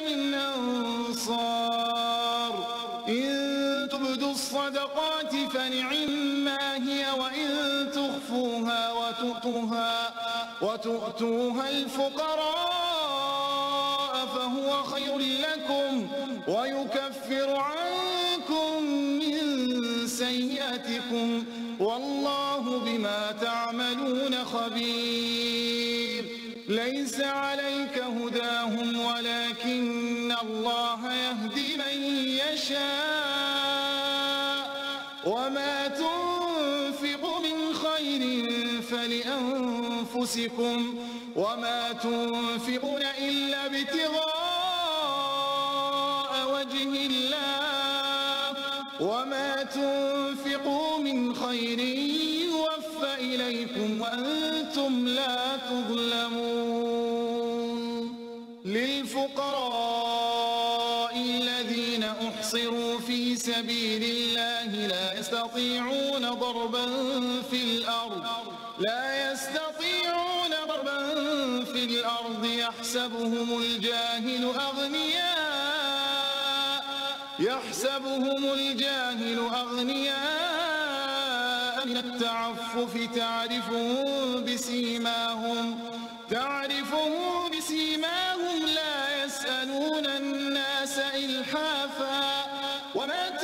من أنصار إن تبدوا الصدقات فنعما هي وإن تخفوها وتؤتوها, وتؤتوها الفقراء فهو خير لكم ويكفر عنكم من سيئتكم والله بما تعملون خبير ليس عليك هداهم الله يهدي من يشاء وما تنفق من خير فلأنفسكم وما تنفقون إلا ابتغاء وجه الله وما تنفقوا من خير يوفى إليكم وأنتم لا تظلمون سبيل الله لا يستطيعون ضربا في الأرض لا يستطيعون ضربا في الأرض يحسبهم الجاهل أغنياء يحسبهم الجاهل أغنياء من التعفف تعرفهم بسيماهم تعرفهم بسيماهم لا يسألون الناس إلحافا وما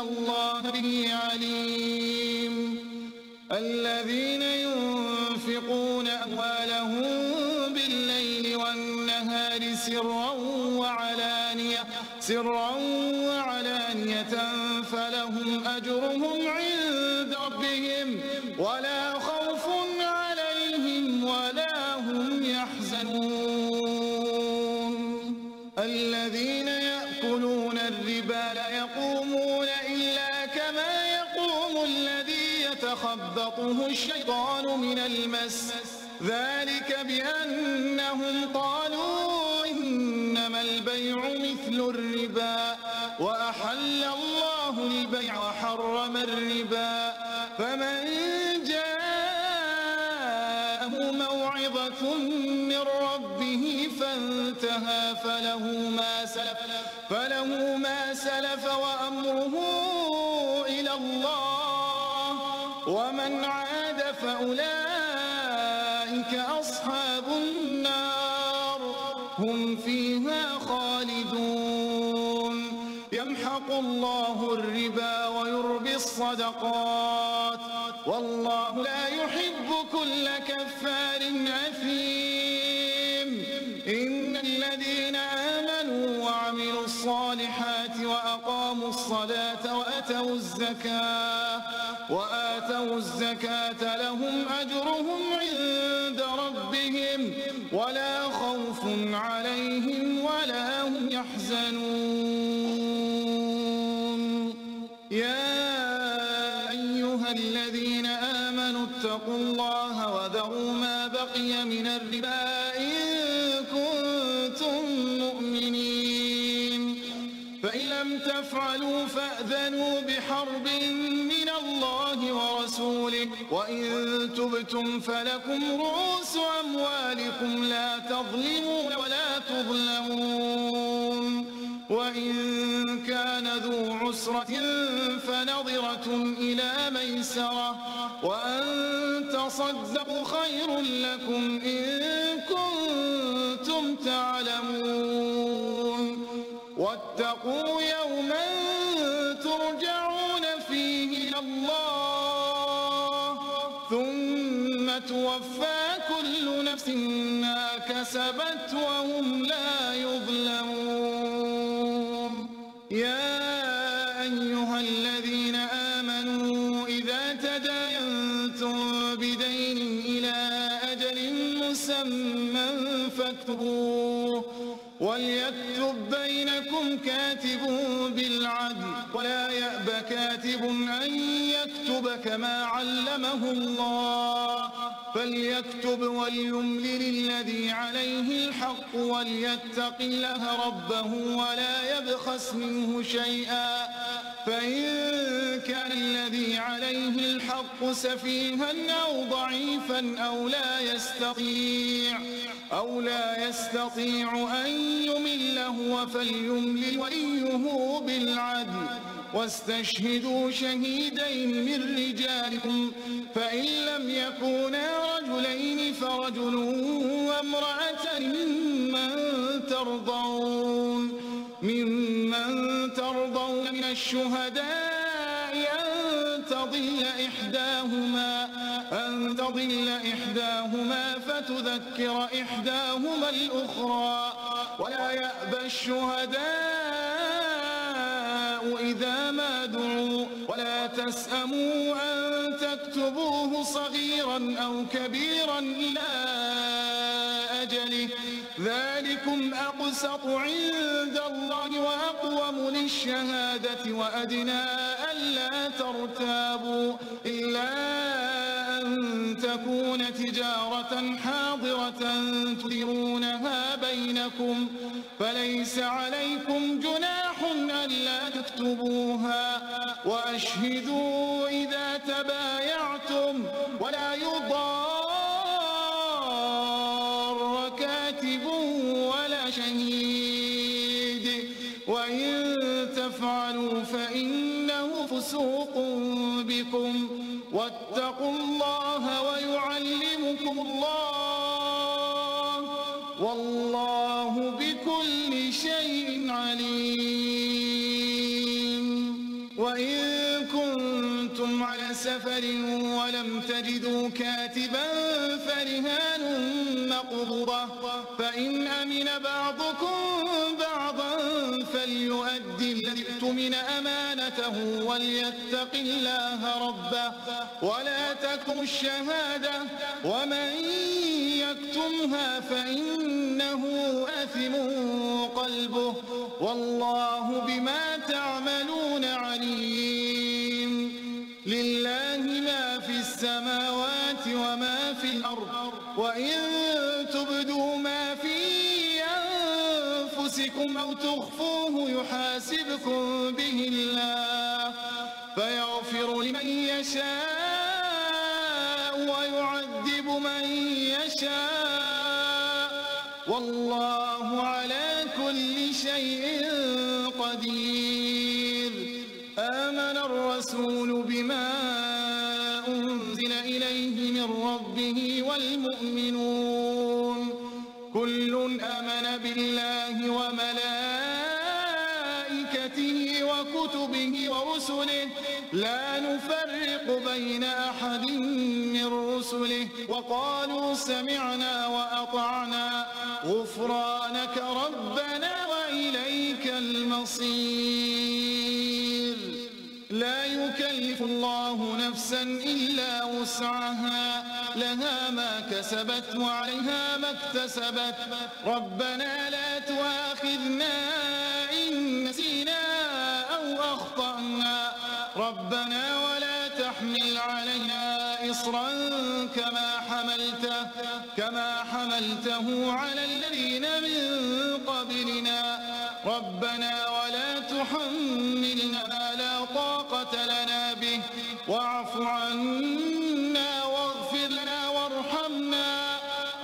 الله به عليم الذين ينفقون أموالهم بالليل والنهار سرا وعلانية, سرا وعلانية فلهم أجرهم الشيطان من المس ذلك بأنهم قالوا إنما البيع مثل الربا وأحل الله البيع وحرم الربا فمن جاءه موعظة من ربه فانتهى فله ما سلف فله ما سلف وأمره إلى الله ومن عاد فأولئك أصحاب النار هم فيها خالدون يمحق الله الربا ويربي الصدقات والله لا يحب كل كفار أثيم إن الذين آمنوا وعملوا الصالحات وأقاموا الصلاة وأتوا الزكاة وآتوا وآتوا الزكاة لهم أجرهم عند ربهم ولا خوف عليهم ولا هم يحزنون يا أيها الذين آمنوا اتقوا الله وذروا ما بقي من الربا وإن تبتم فلكم رؤوس أموالكم لا تظلمون ولا تظلمون وإن كان ذو عسرة فنظرة إلى ميسرة وأن تصدقوا خير لكم إن كنتم تعلمون واتقوا يوماً توفى كل نفس ما كسبت وهم لا يظلمون يا أيها الذين آمنوا إذا تداينتم بدين إلى أجل مسمى فاكتبوه وليكتب بينكم كاتب بالعدل ولا يأب كاتب أن يكتب كما علمه الله فليكتب وليملل الذي عليه الحق وليتق الله ربه ولا يبخس منه شيئا فإن كان الذي عليه الحق سفيها أو ضعيفا أو لا يستطيع أو لا يستطيع أن يمل هو فليملل وليه بالعدل واستشهدوا شهيدين من رجالكم فإن لم يكونا رجلين فرجل وامرأة ممن ترضون ممن ترضون من الشهداء أن تضل إحداهما أن تضل إحداهما فتذكر إحداهما الأخرى ولا يأبى الشهداء السماء إذا ما دعوا ولا تسأموا أن تكتبوه صغيرا أو كبيرا إلى أجله ذلكم أقسط عند الله وأقوم للشهادة وأدنى ألا ترتابوا إلا أن تكون تجارة حاضرة تديرونها بينكم فليس عليكم جناح عليكم ألا تكتبوها وأشهدوا إذا تبايعتم ولا يضار كاتب ولا شهيد وإن تفعلوا فإنه فسوق بكم واتقوا الله ويعلمكم الله والله بكل شيء عليم سفر ولم تجدوا كاتبا فرهان مقبضة فإن أمن بعضكم بعضا فليؤد الذي اؤتمن أمانته وليتق الله ربه ولا تكتموا الشهادة ومن يكتمها فإنه أثم قلبه والله بما تعملون سركم أو تخفوه يحاسبكم به الله فيغفر لمن يشاء ويعذب من يشاء والله على كل شيء قدير آمن الرسول بما أنزل إليه من ربه والمؤمنون وآياته وكتبه ورسله لا نفرق بين أحد من رسله وقالوا سمعنا وأطعنا غفرانك ربنا وإليك المصير لا يكلف الله نفسا إلا وسعها لها ما كسبت وعليها ما اكتسبت ربنا لا تؤاخذنا ربنا ولا تحمل علينا إصرا كما حملته كما حملته على الذين من قبلنا ربنا ولا تحملنا ما لا طاقة لنا به واعف عنا واغفر لنا وارحمنا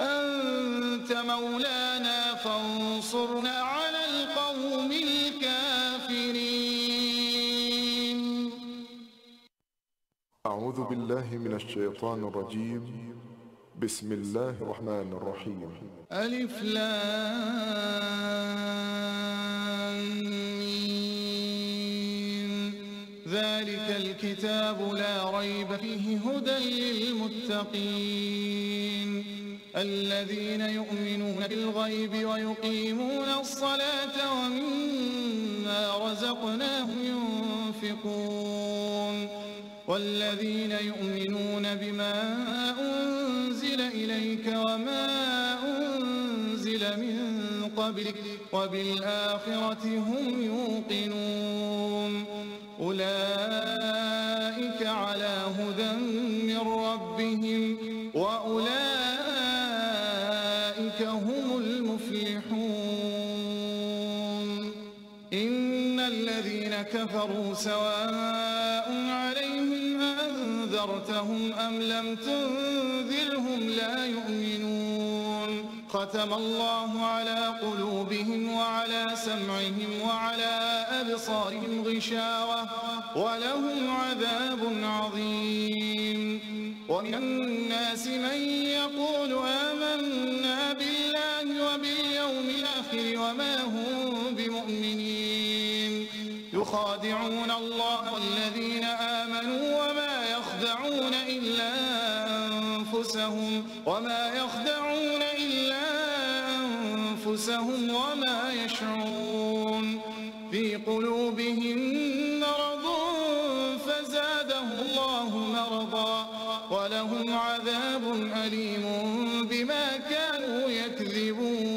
أنت مولانا فانصرنا أعوذ بالله من الشيطان الرجيم بسم الله الرحمن الرحيم ألف لام ذلك الكتاب لا ريب فيه هدى للمتقين الذين يؤمنون بالغيب ويقيمون الصلاة ومما رزقناهم ينفقون والذين يؤمنون بما أنزل إليك وما أنزل من قبلك وبالآخرة هم يوقنون أولئك على هدى من ربهم وأولئك هم المفلحون إن الذين كفروا سواء أنذرتهم أم لم تنذرهم لا يؤمنون ختم الله على قلوبهم وعلى سمعهم وعلى أبصارهم غشاوة ولهم عذاب عظيم ومن الناس من يقول آمنا بالله وباليوم الآخر وما هم بمؤمنين يخادعون الله الذين آمنوا أنفسهم وما يخدعون إلا أنفسهم وما يشعرون في قلوبهم مرض فزادهم الله مرضا ولهم عذاب أليم بما كانوا يكذبون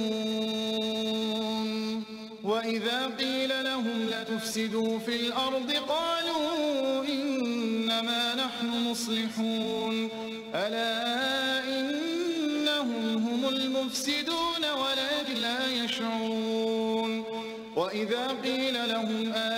وإذا قيل لهم لتفسدوا في الأرض قالوا إنما نحن مصلحون ألا وإذا قيل لهم آمنوا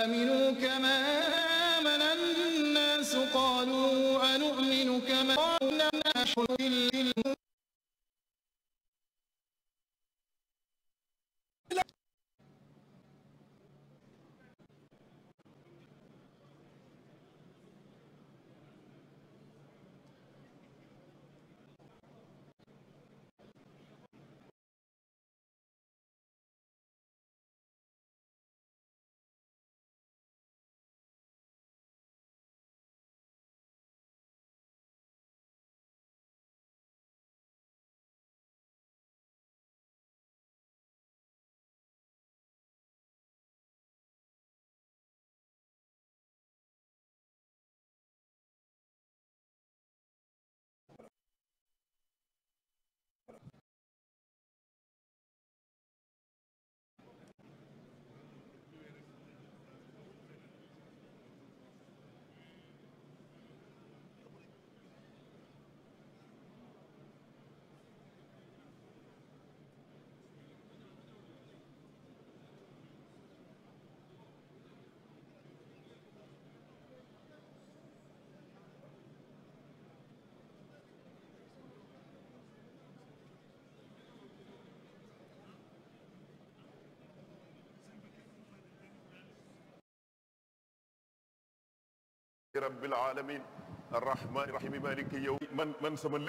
rabbil alamin arrahmani rahimi man man sama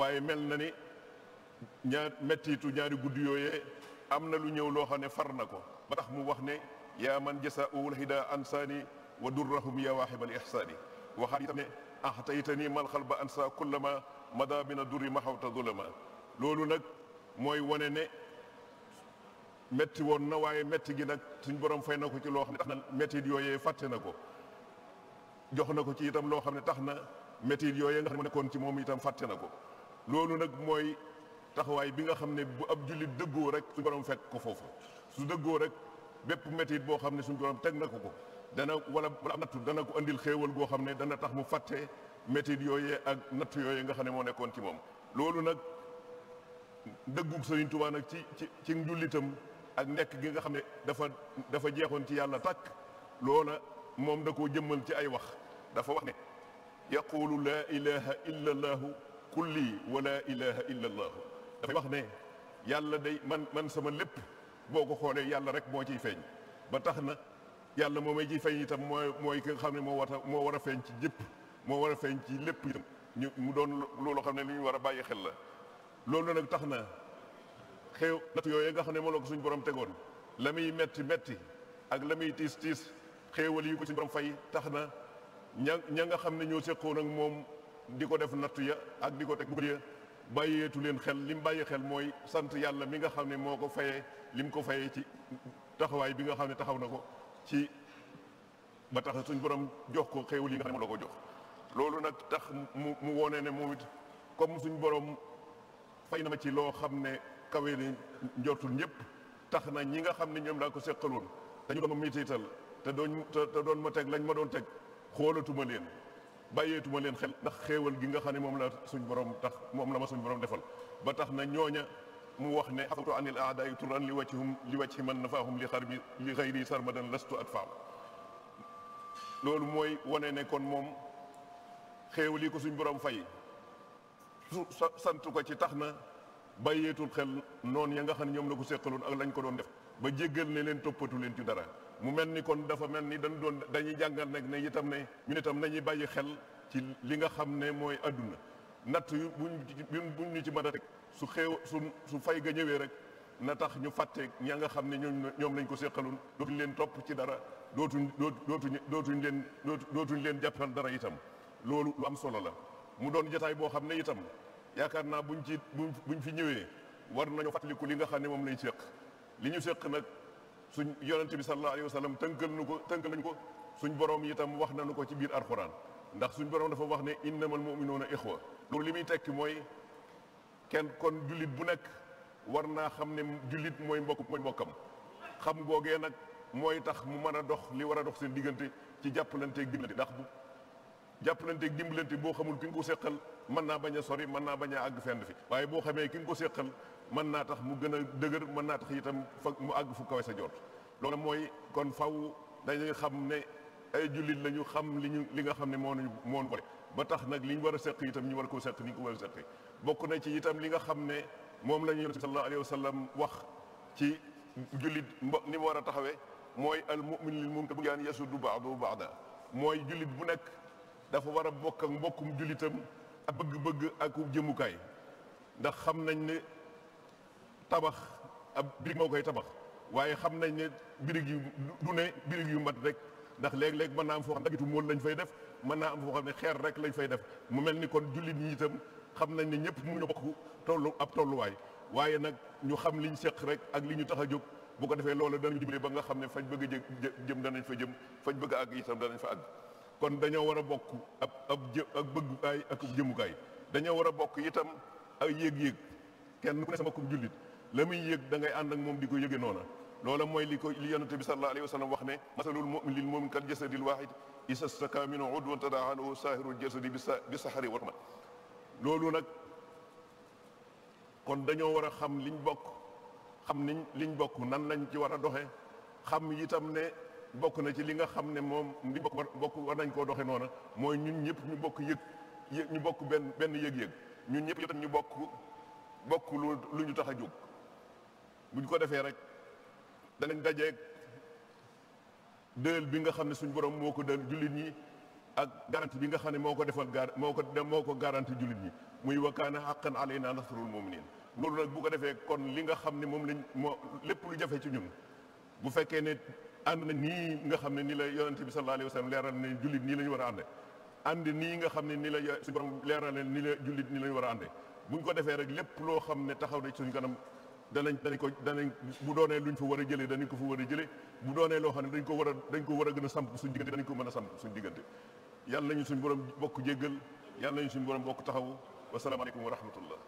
waaye mel na ni ñaar mettitu ñaari guddi yooyee am na lu ñëw loo xam ne far na ko ba mu wax ne yaa man jasaa'ul hida ansaani wa durrahum yaa waahibal ihsaani waxaat itam ne ah taytani mal xalba ansa kullama mada bina durri maxawta zulama loolu nag mooy wane ne metti woon na waaye metti gi nag suñ borom fay na ko ci loo xam ne tax na mettit yooyee fàtte na ko jox na ko ci itam loo xam ne tax na mettit yooyee nga xam ne nekkoon ci moom itam fàtte na ko loolu nag mooy taxawaay bi nga xam ne bu ab jullit dëggoo rek suñ borom fekk ko foofu su dëggoo rek bépp mettit boo xam ne suñ borom teg na ko ko dana wala wala nattu dana ko andil xéewal goo xam ne dana tax mu fàtte mettit yooyee ak natt yooyee nga xam ne moo nekkoon ci moom loolu nag dëggug Sëriñ Tuubaa nag ci ci ci njullitam ak ndekk gi nga xam ne dafa dafa jeexoon ci yàlla tàkk loola moom da koo jëmmal ci ay wax dafa wax ne yaqulu laa ilaha illa allaahu kulli wa laa ilaha wax ne yàlla day man man sama lépp boo ko xoolee yàlla rek moo ciy feeñ ba tax na yàlla moo may ciy feeñ itam mooy mooy ki nga xam ne moo war moo war a feeñ ci jëpp moo war a feeñ ci lépp itam ñu mu doon loolu xam ne li war a bàyyi xel la loolu nag tax na xew natt yooyu nga xam ne moom la ko suñ borom tegoon la muy metti metti ak la muy tiis tiis xéewal yi ko suñ borom fay tax na ña ña nga xam ne ñoo seqoon ak moom di ko def nattu ya ak di ko teg bu ya bàyyeetu leen xel li mu bàyyi xel mooy sant yàlla mi nga xam ne moo ko fayee li ko fayee ci taxawaay bi nga xam ne taxaw na ko ci ba tax suñ borom jox ko xéewal yi nga xam ne moom ko jox loolu mu mu ne moom it comme suñ borom. fay na ma ci loo xam ne kawe ni njortul ñëpp tax na ñi nga xam ne ñoom laa ko seqaloon dañu doon ma mitiital te doon te doon ma teg lañ ma doon teg xoolatuma leen bàyyeetuma leen xel ndax xéewal gi nga xam ne moom laa suñ borom tax moom la ma suñ borom defal ba tax na ñooña mu wax ne afatu anil aadaay turan li wajhum li wajhi man nafaahum li xarbi li ma sarmadan lastu at faaw loolu mooy wane ne kon moom xéewal yi ko suñ borom fay su sant ko ci tax na bàyyeetul xel noon ya nga xam ne ñoom la ko seqaloon ak lañ ko doon def ba jéggal ne leen toppatu leen ci dara mu mel ni kon dafa mel ni dañ doon dañuy jàngal nag ne itam ne ñun itam nañuy bàyyi xel ci li nga xam ne mooy àdduna natt yu buñ buñ ñu ci mën rek su xew su su fay ga ñëwee rek na tax ñu fàtte ña nga xam ne ñoom ñoom lañ ko seqaloon dootuñ leen topp ci dara dootuñ dootuñ dootuñ leen dootuñ leen jàppal dara itam loolu am solo la mu doon jotaay boo xam ne itam yaakaar naa buñ ci buñ fi ñëwee war nañu fàttaliku li nga xam ne moom lañ séq li ñu séq nag suñ yonente bi sallallahu alayhi wa sallam tënkal nu ko tënkal nañ ko suñ borom itam wax nañu ko ci biir alxuraan ndax suñ borom dafa wax ne innamal muminuuna ixwa loolu li muy tekki mooy kenn kon jullit bu nekk war naa xam ne jullit mooy mbokk mooy mbokkam xam googee nag mooy tax mu mën a dox li war a dox seen diggante ci jàpp jàppalante ak diggante ndax bu jàpp jàppalanteeg dimbalante boo xamul ki nga ko seqal mën naa bañ a sori mën naa bañ a àgg fenn fi waaye boo xamee ki nga ko seqal mën naa tax mu gën a dëgër mën naa tax itam fa mu àgg fu kawe sa jot loolu mooy kon faw dañuy xam ne ay jullit la ñu xam li ñu li nga xam ne moom ñu moo ñu ba tax nag li ñu war a seq itam ñu war koo seq war a seqee bokk na ci itam li nga xam ne moom la ñu sallallahu alayhi wa sallam wax ci jullit mbo ni mu war a taxawee mooy al mu'min lil munkar bu yaan yasudu baax ba'da mooy jullit bu nekk dafa war a bokk ak mbokkum jullitam ak bëgg-bëgg ak jëmukaay ndax xam nañ ne tabax ab birig moo koy tabax waaye xam nañ ne birig yu du ne birig yu mat rek ndax léeg-léeg mën naa am foo xam ne fay def mën naa am foo xam ne xeer rek lañ fay def mu mel ni kon jullit ñi itam xam nañ ne ñëpp mu ñu bokk tollu ab tolluwaay waaye nag ñu xam liñ seq rek ak li ñu tax a jóg bu ko defee loolu danañu jublee ba nga xam ne fañ bëgg a jëm danañ fa jëm fañ bëgg a àgg danañ fa àgg kon dañoo war a bokk ab ab jë ak bëggukaay ak jëmukaay dañoo war a bokk itam ay yëg-yëg kenn ku ne sama kum jullit la muy yëg da ngay ànd ak moom di ko yëge noona loola mooy li ko li yonente bi sallallahu alayhi wax ne masalul mumin lil mumin kal jasadil waahid isa staka minhu udwan tadaahu saahirul jasadi bi sahari watma loolu nag kon dañoo war a xam liñ bokk xam niñ liñ bokk nan lañ ci war a doxe xam itam ne bokk na ci li nga xam ne moom li bokk war nañ koo doxe noona mooy ñun ñëpp ñu bokk yëg yëg ñu bokk benn benn yëg-yëg ñun ñëpp itam ñu bokk bokk lu ñu tax a jóg bu ko defee rek danañ dajeeg dël bi nga xam ne suñu borom moo ko dël jullit ñi ak garanti bi nga xam ne moo ko defal gar moo ko moo ko garanti jullit ñi muy wa kaana haqqan alaynaa nasrul mu'minin loolu nag bu ko defee kon li nga xam ne moom lañ moo lépp lu jafe ci ñun bu fekkee ne ànd nañ nii nga xam ne nii la yonente bi sallallahu alayhi wa sallam leeral ne jullit nii la ñu war a ànde ànd nga xam ne nii la suñu borom leeral ne nii la jullit nii war a ànde buñ ko defee rek lépp loo xam ne taxaw na ci suñu kanam danañ danañ ko danañ bu doonee luñ fa war a jëlee danañ ko fa war a jëlee bu doonee loo xam ne dañ ko war a ko war a gën a samp suñu diggante danañ ko mën a samp suñu diggante yàlla nañu suñu borom bokk jéggal yalla nañu suñu borom bokk taxawu wasalaamaaleykum wa rahmatullah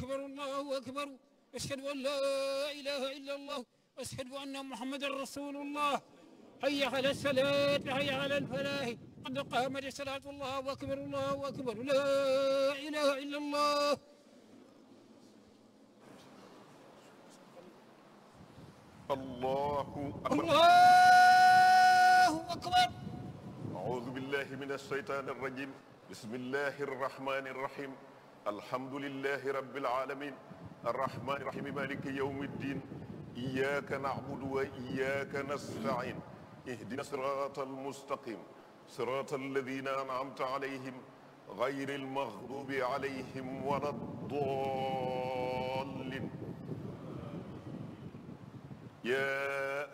أكبر الله أكبر أشهد أن لا إله إلا الله أشهد أن محمدا رسول الله حي على الصلاة حي على الفلاح قد قامت صلاة الله أكبر الله أكبر لا إله إلا الله الله أكبر الله أكبر أعوذ بالله من الشيطان الرجيم بسم الله الرحمن الرحيم alhamdulillahi rabbil alamin arrahmani rahimi maliki yawmi ddin iyyaka na'budu wa iyyaka nasta'in ihdina sirata almustaqim sirata alladhina an'amta alayhim ghayri almaghdubi alayhim wala ddallin يا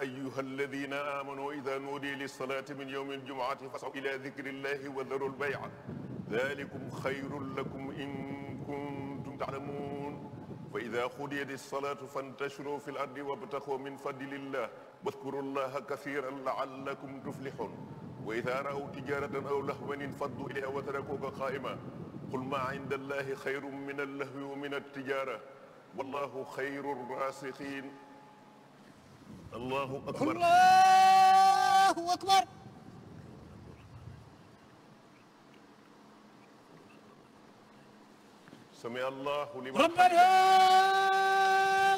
أيها الذين آمنوا إذا نودي للصلاة من يوم الجمعة فاسعوا إلى ذكر الله وذروا البيع ذلكم خير لكم إن kuntum taalamuun fa ida xudiyat alsalaatu fantashiruu fi l ardi wabtaxoo min fadlillah wadkuru llaha kathiran laallakum tuflixuun wa ida raaw tijaratan aw lahwan infaddu ilayha wa tarakuuka qaa'ima qul maa inda allahi xayrun min allahwi wa min altijara wallahu xayru raasiqiin allahu akbar allahu akbar سمع الله لمن ربنا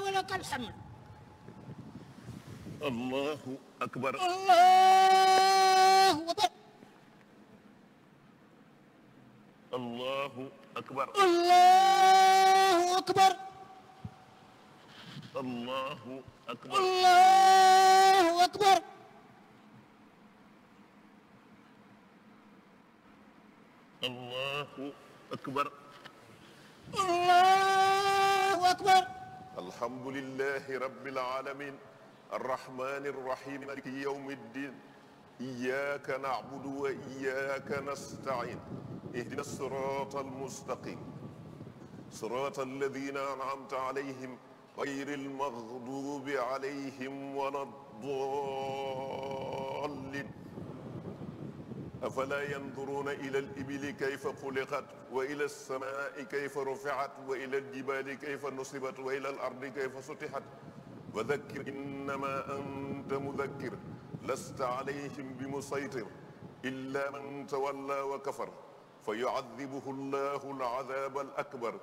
ولك الحمد الله أكبر الله أكبر الله أكبر الله أكبر الله أكبر الله أكبر الله أكبر allahu akbar alhamdulillahi rabbil alamin arrahmani rrahim maliki yawmi ddin iyyaka na'budu wa iyyaka nasta'in ihdina sirata almustaqim sirata alladhina an'amta alayhim غير المغضوب عليهم ولا الضالين afalaa yanduruuna ila al ibili kayfa xuliqat wa ila alsamaai kayfa rufiat wa ila aljibaali kayfa nusibat wa ila al ardi kayfa sutixat wa dakkir innama anta mudakkir lasta alayhim bi musaytir illa man tawalla wa kafar fa yucadibuhu allahu alcadaaba alakbar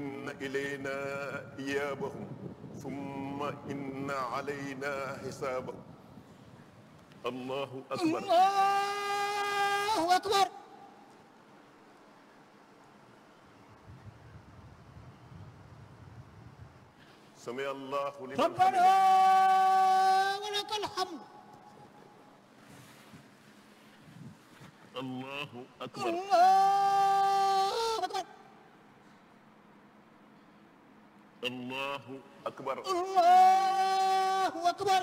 inna ilayna iyaabahum summa inna alayna xisaabahum allahu akbar allahu akbar سمع الله لمن ربنا ولك الحمد الله أكبر الله أكبر الله أكبر الله أكبر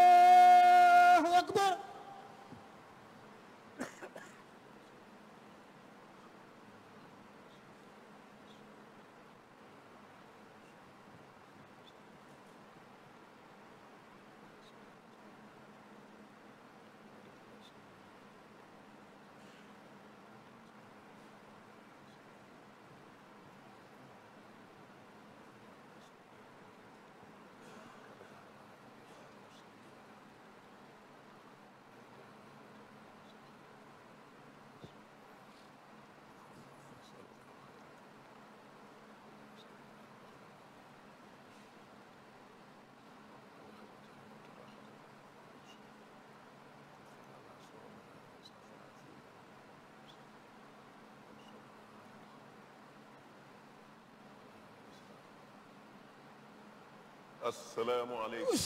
asalaamualeykum.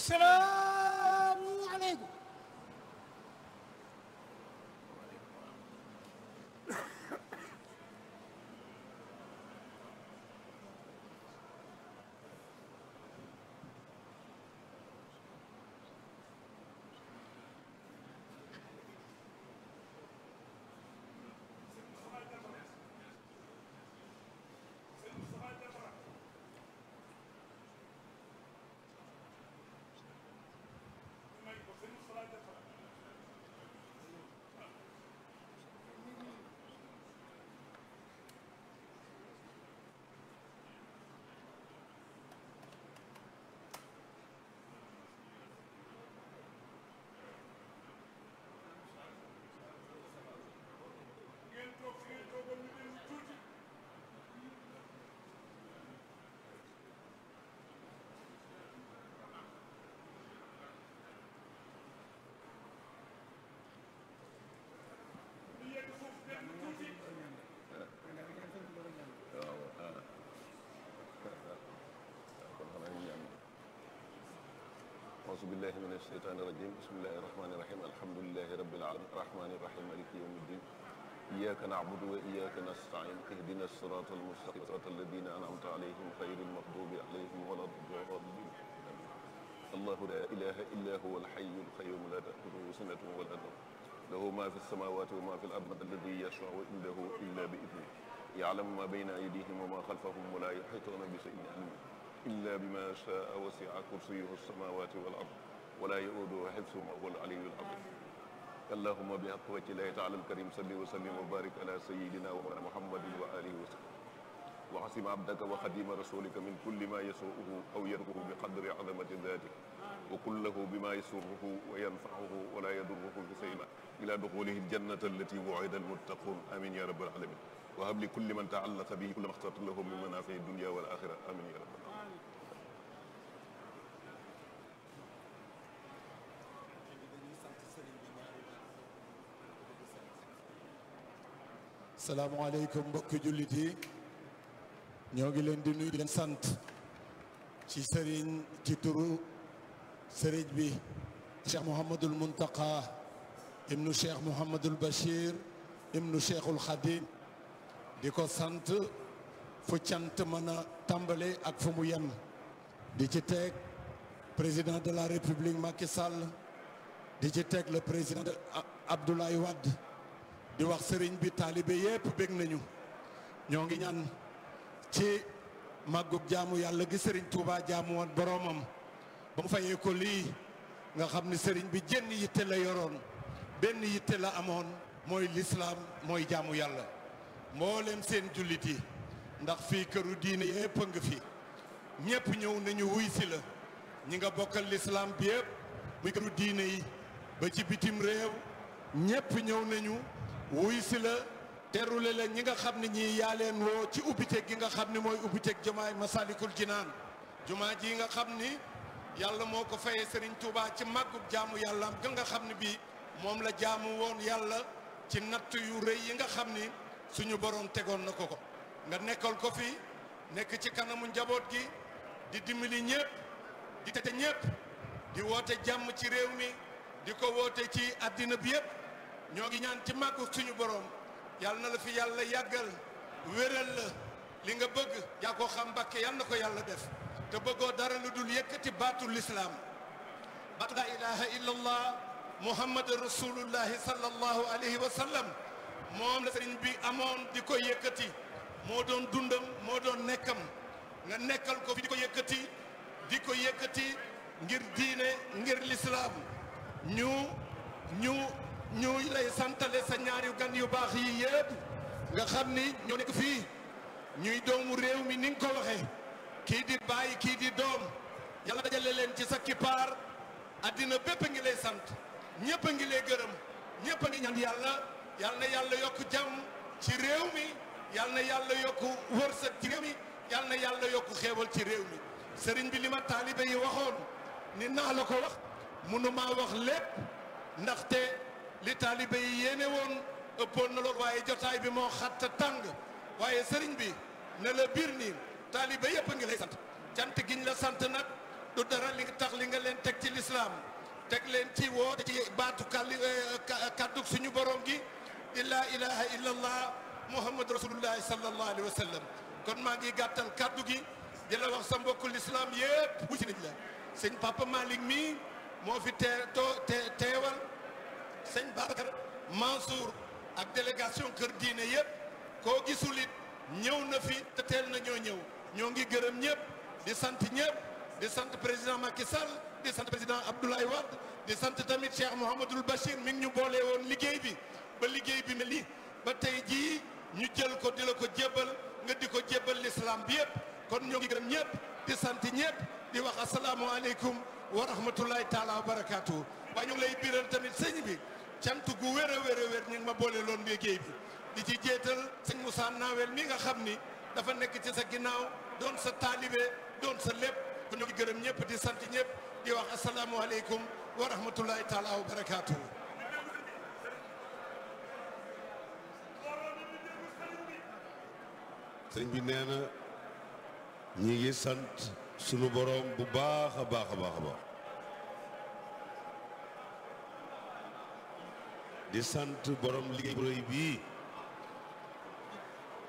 billahi min asheytaani irajim bismillahi irahmani irahim alhamdulilahi rabbil alamin arrahmani irrahim maliki yawmi ddin iyyaka na'budu wa iyyaka nasta'in ihdina sirata almustaqim sirata alladina an'amta alayhim ghayril maghdubi alayhim wala ddallin allahu la ilaha illa huwa alhayyul qayyum la ta'khudhuhu sinatun wala nawm lahu ma fi samawati wa ma fi al-ardi alladhi yasha'u indahu illa bi idnihi ya'lamu ma bayna aydihim wa ma khalfahum wa la yuhituna bi shay'in min ilmihi illa ma shaa wasi'a kursiyuhu as-samawati wal ard wala yauduhu xifsuhuma wa huwa al-aliyyu al-azim allahuma bi haqqi wajhillahi ta'ala al-karim salli wa sallim wa barik ala sayyidina wa mawlana muhammadin wa alihi wa sahbihi wa xasim abdaka wa xadima rasulika min kulli ma yasuuhu aw yarkuhu bi qadri azamati zatika wa kun lahu bima yasurruhu wa yanfaxuhu wa la yadurruhu bi shay'in ila duxulihi aljannata allati wu'ida almuttaqun amin ya rabbal alamin wa hab li kulli man ta'allaqa bihi kulla maxtarta lahu min manaafi'i dunya wal axira amin ya rabbal salaamaaleykum mbokki jullit yi ñoo ngi leen di nuyu leen sant ci sëriñ ci turu sëriñ bi cheikh mouhamadul muntaqa ibnu cheikh mouhamadul bachir ibnu cheikhul xadim di ko sant fu cant mën a tàmbale ak fu mu yem di ci teg président de la république Macky Sall di ci teg le président Abdoulaye Wade di wax sëriñ bi taalibe yépp bég nañu ñoo ngi ñaan ci màggug jaamu yàlla gi sëriñ Touba jaamu woon boroomam ba mu fayee ko lii nga xam ni sëriñ bi jenn yitte la yoroon benn yitte la amoon mooy lislaam mooy jaamu yàlla mboolem seen jullit yi ndax fii këru diine yépp a nga fi ñépp ñëw nañu wuy si la ñi nga bokkal lislaam bi yépp muy këru diine yi ba ci bitim réew ñépp ñëw nañu wuy si la terule la ñi nga xam ne ñii yaa leen woo ci ubbiteeg gi nga xam ne mooy ubbiteeg jumaay Masalikul Jinaan jumaa ji nga xam ni yàlla moo ko fayee Serigne Touba ci màggub jaamu yàlla am ga nga xam ne bii moom la jaamu woon yàlla ci natt yu rëy yi nga xam ni suñu borom tegoon na ko ko nga nekkal ko fi nekk ci kanamu njaboot gi di dimbali ñëpp di tete ñëpp di woote jàmm ci réew mi di ko woote ci àddina bi yëpp. ñoo ngi ñaan ci màggu suñu borom yàlla na la fi yàlla yàggal wéral la li nga bëgg yaa ko xam mbàkke yàlla na ko yàlla def te bëggoo dara lu dul yëkkati baatu lislaam baatu laa ilaha illa allah muhammad rasulullahi sallallahu alayhi wa sallam moom la sëriñ bi amoon di ko yëkkati moo doon dundam moo doon nekkam nga nekkal ko fi di ko yëkkati di ko yëkkati ngir diine ngir lislaam ñu ñu ñuy lay santale sa ñaari gan yu baax yi yëpp nga xam ni ñoo nekk fii ñuy doomu réew mi ni ko waxee kii di bàyyi kii di doom yàlla dajale leen ci sa kippaar addina bépp a ngi lay sant ñëpp a ngi lay gërëm ñëpp a ngi ñaan yàlla yàlla na yàlla yokk jàmm ci réew mi yàlla na yàlla yokk wërsëg ci réew mi yàlla yàlla yokk xéewal ci réew mi sëriñ bi li ma taalibe yi waxoon ni naa la ko wax mënumaa wax lépp ndaxte li taalibe yi yéene woon ëppoon na lool waaye jotaay bi moo xat tàng waaye sëriñ bi ne la biir nii taalibe yëpp a ngi lay sant cant giñ la sant nag du dara li tax li nga leen teg ci lislaam teg leen ci woo ci baatu kàlli euh, kàddu suñu borom gi illaa ilaha illa allah muhammad rasulullahi sallallahu alayhi wa sallam kon maa ngi gàttal kàddu gi di wax sa mbokku lislaam yëpp wusi nañ la sëñ papa malik mii moo fi tee too Mansour ak délégation kër diine yëpp koo gisul it ñëw na fi te teel na ñoo ñëw ñoo ngi gërëm ñëpp di sant ñëpp di sant président Macky Sall di sant président Abdoulaye Wade di sant tamit Cheikh Mouhamadoul Bachir mi ngi ñu boole woon liggéey bi ba liggéey bi mel nii ba tey jii ñu jël ko di la ko jébbal nga di ko jébbal l'islam bi yëpp kon ñoo ngi gërëm ñëpp di sant ñëpp di wax asalaamualeykum wa rahmatullahi taala wa barakaatu. waaye ñu ngi lay biral tamit sëñ bi. cant gu wér a wér a ñu ma boole loon liggéey bi di ci jéetal sëñ Moussa Nawel mi nga xam ni dafa nekk ci sa ginnaaw doon sa taalibe doon sa lépp bu ñu gërëm ñëpp di sant ñëpp di wax asalaamualeykum wa rahmatullahi taala wa barakaatu. sëñ bi nee na ñi ngi sant sunu boroom bu baax a baax a baax a di sant borom liggéey bu rëy bii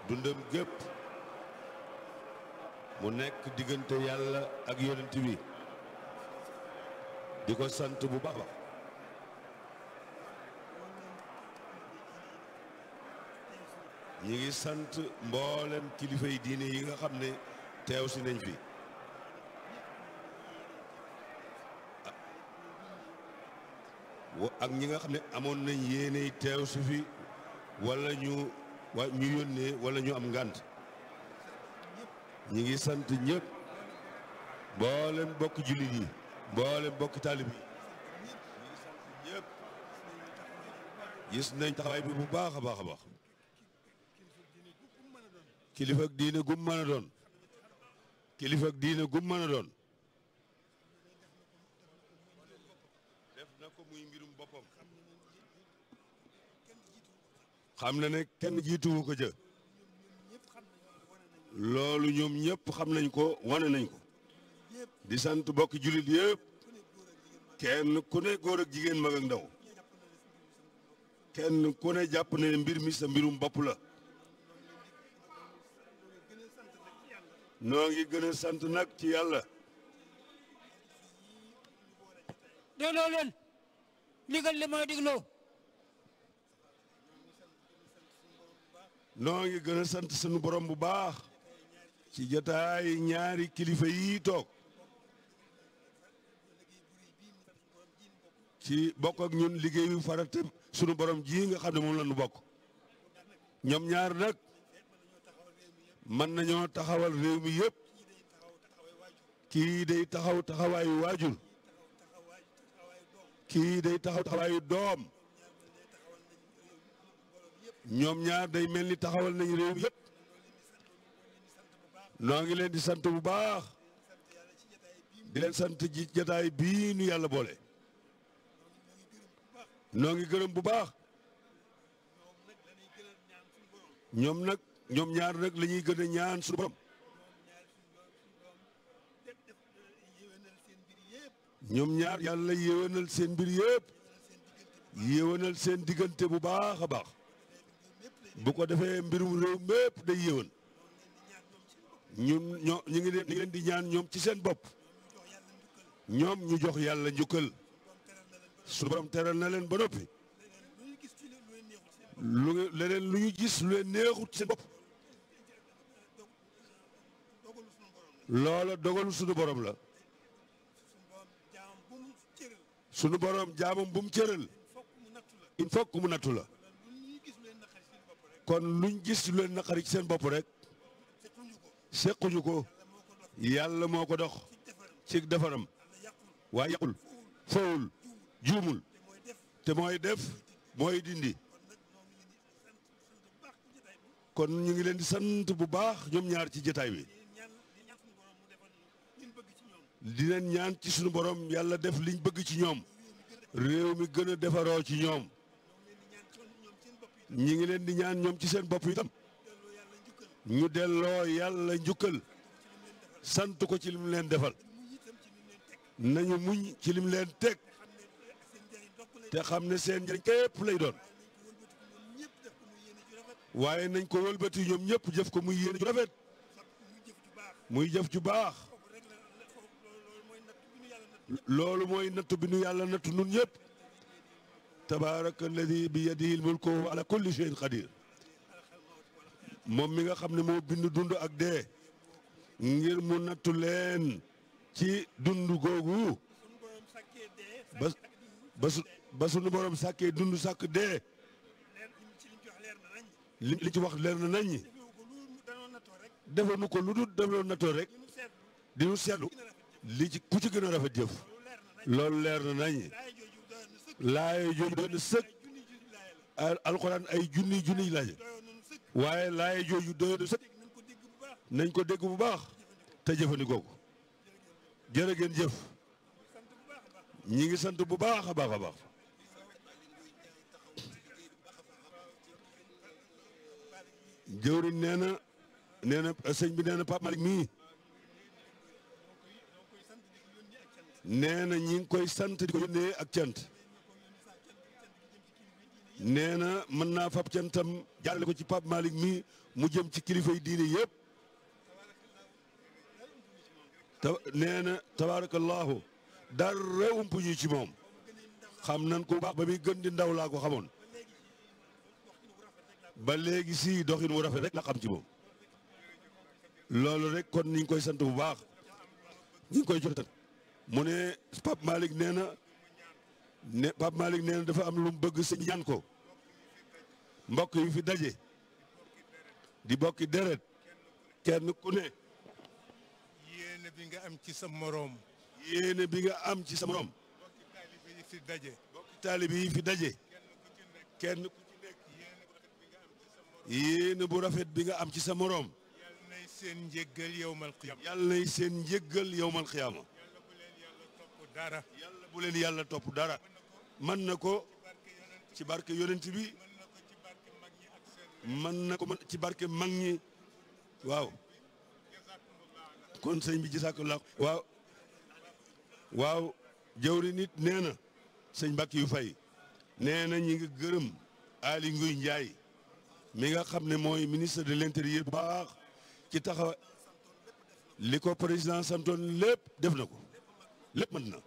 dundam gépp mu nekk diggante yàlla ak yonent bi di ko sant bu baax ba ñi ngi sant mboolem kilifay yi yi nga xam ni teew si nañ fi ak ñi nga xam ne amoon nañ yéeney teew su fi wala ñu wa ñu yónnee wala ñu am ngànt ñi ngi sant ñépp mboolem bokk jullit yi mboolem bokk taalib yi gis nañ taxawaay bi bu baax a baax a baax kilifa ak diine gum mën a doon kilifa diine gum doon xam na ne kenn jiituwu ko jë loolu ñoom ñëpp xam nañ ko wane nañ ko di sant bokki julit yëpp kenn ku ne góor jigéen mag ak ndaw kenn ku ne jàpp ne mbir mi sa mbirum bopp la noo ngi gën sant nag ci yàlla dégloo ndigal li mooy dégloo noo ngi gën a sant sunu borom bu baax ci jotaay ñaari kilifa yi toog ci bokk ak ñun liggéey bi farata sunu borom ji nga xam ne moom la ñu bokk ñoom ñaar nag mën nañoo taxawal réew mi yépp kii day taxaw taxawaayu waajur kii day taxaw taxawaayu doom ñoom ñaar day mel ni taxawal nañu réew yëpp noo ngi leen di sant bu baax di leen sant ji jataay bii nu yàlla boole noo ngi gërëm bu baax ñoom nag ñoom ñaar nag la ñuy gën ñaan suñu borom ñoom ñaar yàlla yéwénal seen mbir yëpp yéwénal seen diggante bu baax a baax bu ko defee mbirum réew mépp day yéwén ñun ñoo ñu ngi leen di ñaan ñoom ci seen bopp ñoom ñu jox yàlla njukkal su borom teral na leen ba noppi lu leneen lu ñu gis lu leen neexut seen bopp loola dogalu suñu borom la suñu borom jaamam bu mu cëral il faut mu nattu la kon luñ gis lu leen naqari ci seen bopp rek sequñu ko yàlla moo ko dox ci defaram waaye yàqul fowul juumul te mooy def mooy dindi kon ñu ngi leen di sant bu baax ñoom ñaar ci jataay bi di leen ñaan ci suñu borom yàlla def liñ bëgg ci ñoom réew mi gën a defaroo ci ñoom ñi ngi leen di ñaan ñoom ci seen bopp itam ñu delloo yàlla njukkal sant ko ci lim leen defal nañu muñ ci lim leen teg te xam ne seen njëriñ képp lay doon waaye nañ ko wëlbati ñoom ñëpp jëf ko muy yéene ju rafet muy jëf ju baax loolu mooy natt bi nu yàlla nattu nun ñëpp tabaaraka alladi bi yadihi mulku wa ala kulli shay'in qadir moom mi nga xam ne moo bind dund ak dee ngir mu nattu leen ci dund googu ba ba su ba borom sàkkee dund sàkk dee li li ci wax leer na nañ defanu ko lu dul danoo nattoo rek di ñu seetlu li ci ku ci gën a rafet jëf loolu leer na nañ laay jooju doon sëkk alxuraan ay junni junni laaj waaye laay jooju doon sëkk nañ ko dégg bu baax te jëfandikoo ko jërë jëf ñi ngi sant bu baax a baax a baax jëwriñ nee na nee bi nee na Pape Malick nee na ñi ngi koy sant di ko yónnee ak cant nee na mën naa fab cantam jaarale ko ci Pape Malick mi mu jëm ci kilifay yi diine yëpp ta na tabaarakallaahu dar réewum puñu ci moom xam nan ko baax ba muy gën di ndaw laa ko xamoon ba léegi si doxin wu rafet rek la xam ci moom loolu rek kon ni koy sant bu baax ñu ngi koy jotat mu ne Pape Malick nee na ne Pape Malick dafa am lu mu bëgg sëñ ñaan ko mbokk yu fi daje di bokki deret kenn ku ne yéene bi nga am ci sa moroom yéene bi nga am ci sa moroom bokki daje bokki taalibe daje kenn ku bu rafet bi nga am ci sa moroom yal nay seen njëggal yowmal xiyaama yal nay seen njëggal yowmal xiyaama yàlla bu leen yàlla bu leen yàlla topp dara man na ko ci barke yonent bi mën na ko ci barke mag ñi waaw kon sëñ bi gisaako la waaw waaw jëwri nit nee na sëñ Mbàkke yu fay nee na ñi ngi gërëm Aly nguy njaay mi nga xam ne mooy ministre de l'intérieur bu baax ci taxaw li ko président santoon lépp def na ko lépp mën na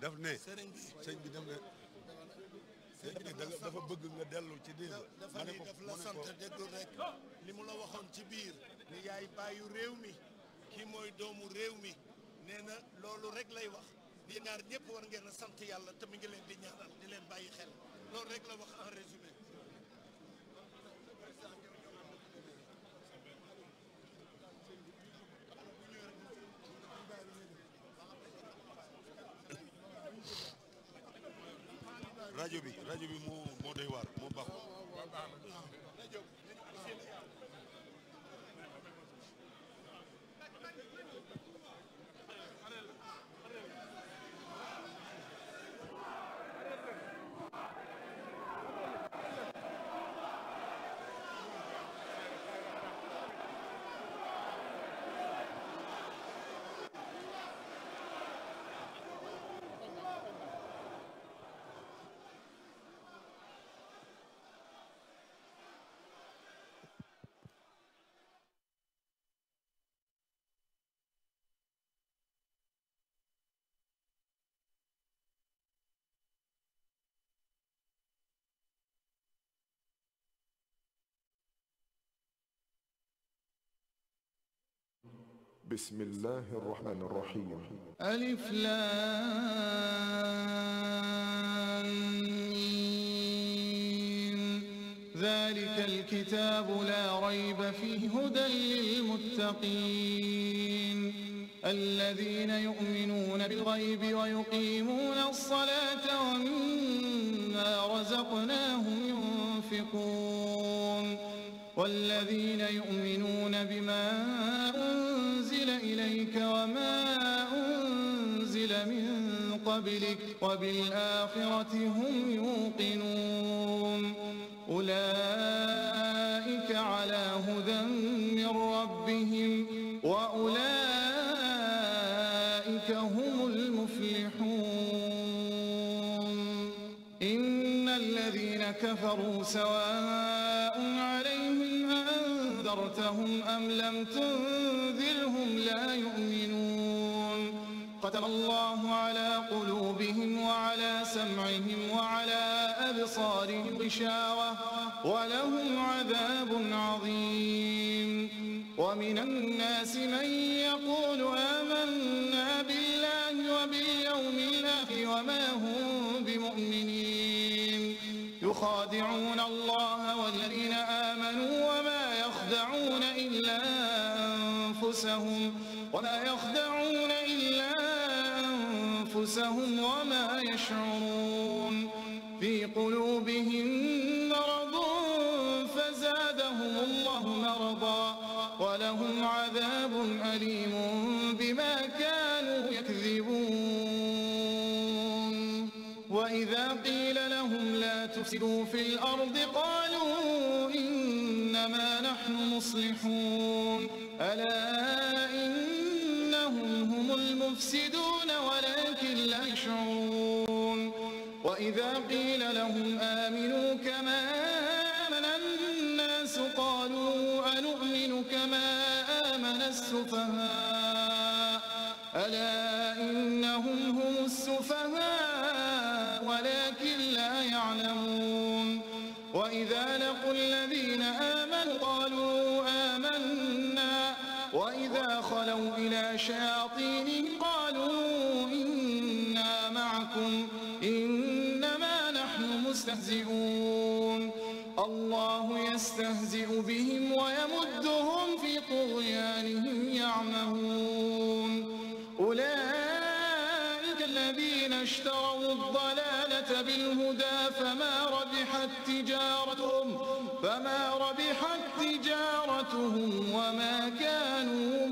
daf ne sëñ bi dem ne sëñ bi dafa bëgg nga dellu ci démb. dafa ni daf la sant déggul rek li mu la waxoon ci biir ni yaay bàyyu réew mi kii mooy doomu réew mi nee na loolu rek lay wax di ñaar ñëpp war ngeen a sant yàlla te mi ngi leen di ñaanal di leen bàyyi xel loolu rek la wax en résumé. moo moo doy waar moo baax بسم الله الرحمن الرحيم ألف لام ذلك الكتاب لا ريب فيه هدى للمتقين الذين يؤمنون بالغيب ويقيمون الصلاة ومما رزقناهم ينفقون والذين يؤمنون بما قبلك وبالآخرة هم يوقنون أولئك على هدى من ربهم وأولئك هم المفلحون إن الذين كفروا سواء عليهم أنذرتهم أم لم تنذرهم لا يؤمنون ختم الله على قلوبهم وعلى سمعهم وعلى أبصارهم غشاوة ولهم عذاب عظيم ومن الناس من يقول آمنا بالله وباليوم الآخر وما هم بمؤمنين يخادعون الله والذين آمنوا وما يخدعون إلا أنفسهم وما يخدعون أنفسهم وما يشعرون في قلوبهم مرض فزادهم الله مرضا ولهم عذاب أليم بما كانوا يكذبون وإذا قيل لهم لا تفسدوا في الأرض قالوا إنما نحن مصلحون ألا إنهم هم المفسدون ولا يشعرون وإذا قيل لهم آمنوا كما آمن الناس قالوا أنؤمن كما آمن السفهاء يستهزئ بهم ويمدهم في طغيانهم يعمهون أولئك الذين اشتروا الضلالة بالهدى فما ربحت تجارتهم فما ربحت تجارتهم وما كانوا